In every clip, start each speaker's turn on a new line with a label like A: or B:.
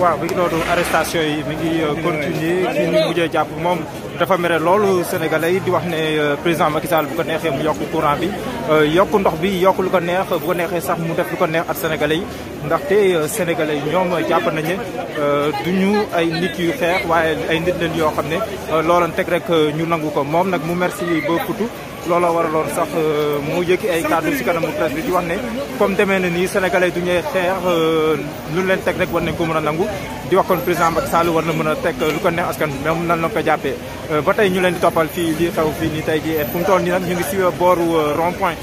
A: waaw bi noonu arrestation yi mi ngi euh, continuer kii ñu mujjee jàpp moom dafa mere loolu sénégalais yi di wax ne euh, président Macky Sall bu ko neexee mu yokk courant bi euh, yokk ndox bi yokk lu ko neex bu ko neexee sax mu def lu ko neex ak sénégalais yi ndaxte sénégalais yi ñoom jàpp nañu ne du ñu ay nit yu xeex waaye ay nit leen yoo xam ne looloon teg rek ñu nangu ko moom nag mu merci ba futu looloo waraloon sax euh, mu yëkki ay kàddu ci kanamu presse bi di wax ne comme demee na nii sénégalais du ñuy xeex euh, lu leen teg rek war nañ ko mën a nangu di wax kon président Macky Sall war na mën a teg lu ko neex askan bi même nan la ko jàppee euh, ba tey ñu leen di toppal fii lii xew fii nii tey ji fu mu toll nii nag ñu ngi si booru rond point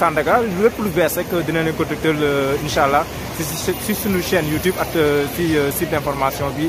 A: Sandaga lépp lu bees rek dina leen ko dëgtal incha allah ci ci suñu chaîne YouTube at ci si d'information bi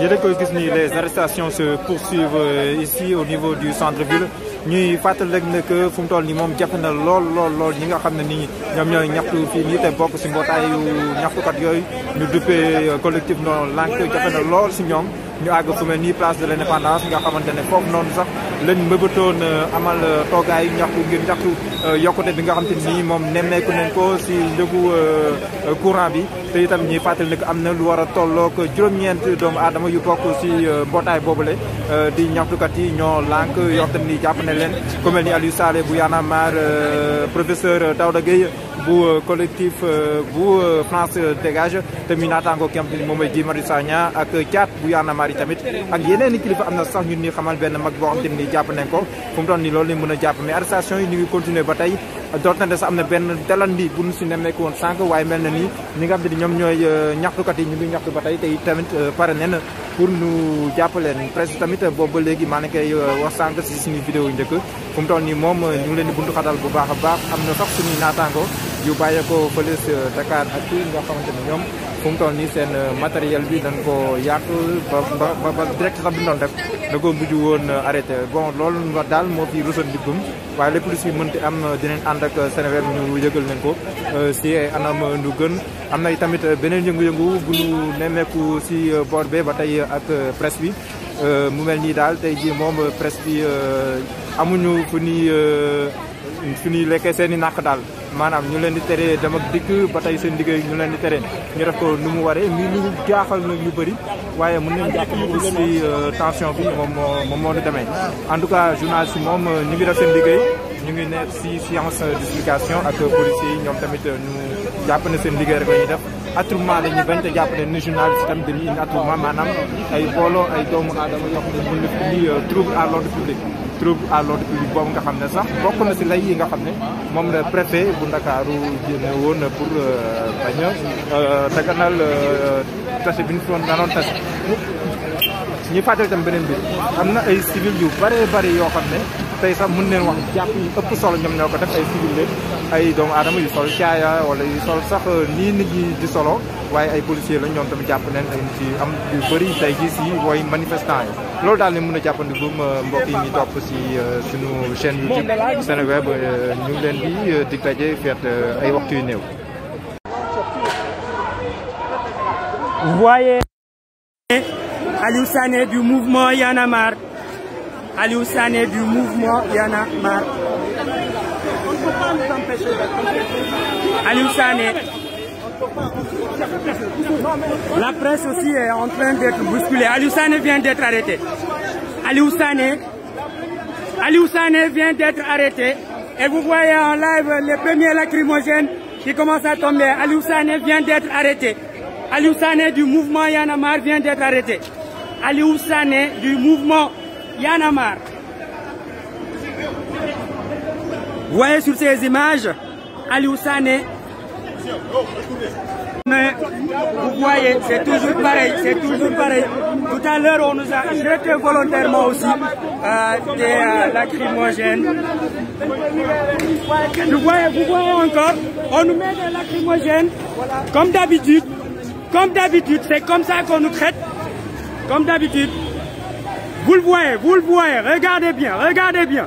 A: yéen a koy gis nii les arrestations se poursuivent euh, ici au niveau du centre-ville ñuy fàttali rek ne que fu mu toll nii moom jafe na lool lool lool nga xam ne nii ñoom ñooy ñaxtu fii nii te bokk ci mbootaayu ñaxtukat yooyu ñu duppee euh, collectif non lànk jafe na lool si ñoom. ñu àgg fu mel nii place de l' indépendance nga xamante ne foofu noonu sax lañ mbëbatoon euh, amal euh, toogaayu ñaxtu ngir ñaxtu euh, yokkute bi nga xamante ni moom nemmeeku nañ ko si njëgu courant bi te itam ñuy fàttali ne que am na lu war a tolloog juróom-ñeent doomu aadama yu bokk si mbootaay le di ñaxtukat yi ñoo lànk yoo xam ni jàpp ne leen ku mel ni Aliou Salé bu Y'en a marre professeur Daouda Gueye bu collectif bu France dégage te muy naataango ki nga xamante ni moom mooy Guy Marius Sagna a xibaar yi tamit ak yeneen i kilifa am na sax ñun ñuy xamal benn mag boo xam te ni jàpp nañ ko fu mu toll nii loolu lañ mën a jàpp mais arrestation ñu ngi continuer ba tey doot na de am na benn dalandi bu ñu si nemmeeku woon sànq waaye mel na nii ñi nga xam te ni ñoom ñooy euh, ñaxtukat yi ñu ngi ñaxtu ba tey te tamit euh, pare nen pour ñu jàppaleen presque tamit boobu ba léegi maa ngi koy euh, wax sànq si suñu vidéo yu njëkk fu mu toll nii moom ñu ngi leen di buntu xatal bu baax a baax am na sax suñuy naataango yu bàyyeekoo fële euh, Dakar ak kii nga xamante ne ñoom fu mu nii seen euh, matériel bi dañ ko yàq ba ba ba direct sax bi doon def da ko mujj woon euh, arrêté bon lool daal moo fi rusoon liggum waaye lépp lu si mënti am dinañ ànd ak Sénégal ñu yëgal leen ko si ay anam lu gën am na tamit beneen yëngu-yëngu bu ñu nemmeeku si boor be ba tey ak presse bi mu mel nii daal tey jii moom presse bi amuñu fu ni fi ñuy lekkee seen i nàkk daal maanaam ñu leen di teree dem ak dikk ba tey seen liggéey ñu leen di teree ñu def ko nu mu waree mi lu jaaxal na ñu bëri waaye mën nañu jàpp ne aussi euh, tension bi moom moo moom moo nu demee. en tout cas journaliste yi moom euh, ñu ngi def seen liggéey ñu ngi nekk si science d'explication ak policiers yi ñoom tamit euh, ñu jàpp ne seen liggéey rek la attroupement la ñu bañ te jàpp leen ne journaliste tamit dañuy indi attroupement maanaam ay booloo ay doomu aadama yoo xam ne mën na fi trouble à l'ordre public public boobu nga xam ne sax bokk na si lay yi nga xam ne moom la préfet bu Ndakaaru génne woon pour euh, bañ a euh, daganal euh, tase bi ñu foon danoon tase ñu fàttali tam beneen bi am na ay civil yu bëree bëri yoo xam ne tey sax mun neen wax jàpp yi ëpp solo ñoom ñoo ko def ay civil leen ay doomu aadama yu sol caaya wala yu sol sax euh, nii nit ñi di solo waaye ay policier lañ ñoom tamit jàpp neen ay ci am yu bëri tey gis yi mooy manifestant yi loolu daal ne mën a jàppandi mbokk yi ñu topp si euh, suñu chaîne YouTube Seneweb euh, ñu ngi leen di dig daje feet ay waxtu néew voyez
B: pas La presse aussi est en d'être bousculée. Aliou Sané vient d'être arrêté. Aliou Sané, Aliou Sané vient d'être arrêté. Et vous voyez en live les premiers lacrymogènes qui commencent à tomber. Aliou Sané vient d'être arrêté. Aliou Sané du mouvement Yanamar vient d'être arrêté. Aliou Sané du mouvement Yanamar. voyez sur ces images Aliou Sané vous voyez c'est toujours pareil tout à l'heure on nous a jeté volontairement aussi euh, des euh, lacrymogènes vous voyez encore on nous met des lacrymogènes comme d'habitude c'est comme ça qu'on nous traite comme d'habitude vous le voyez regardez bien regardez bien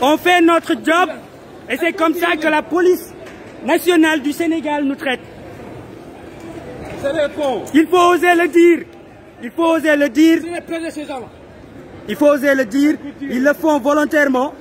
B: On fait notre job et c'est comme ça que la police nationale du Sénégal nous traite. Il faut oser le dire. Il faut oser le dire. Il le dire. le font volontairement.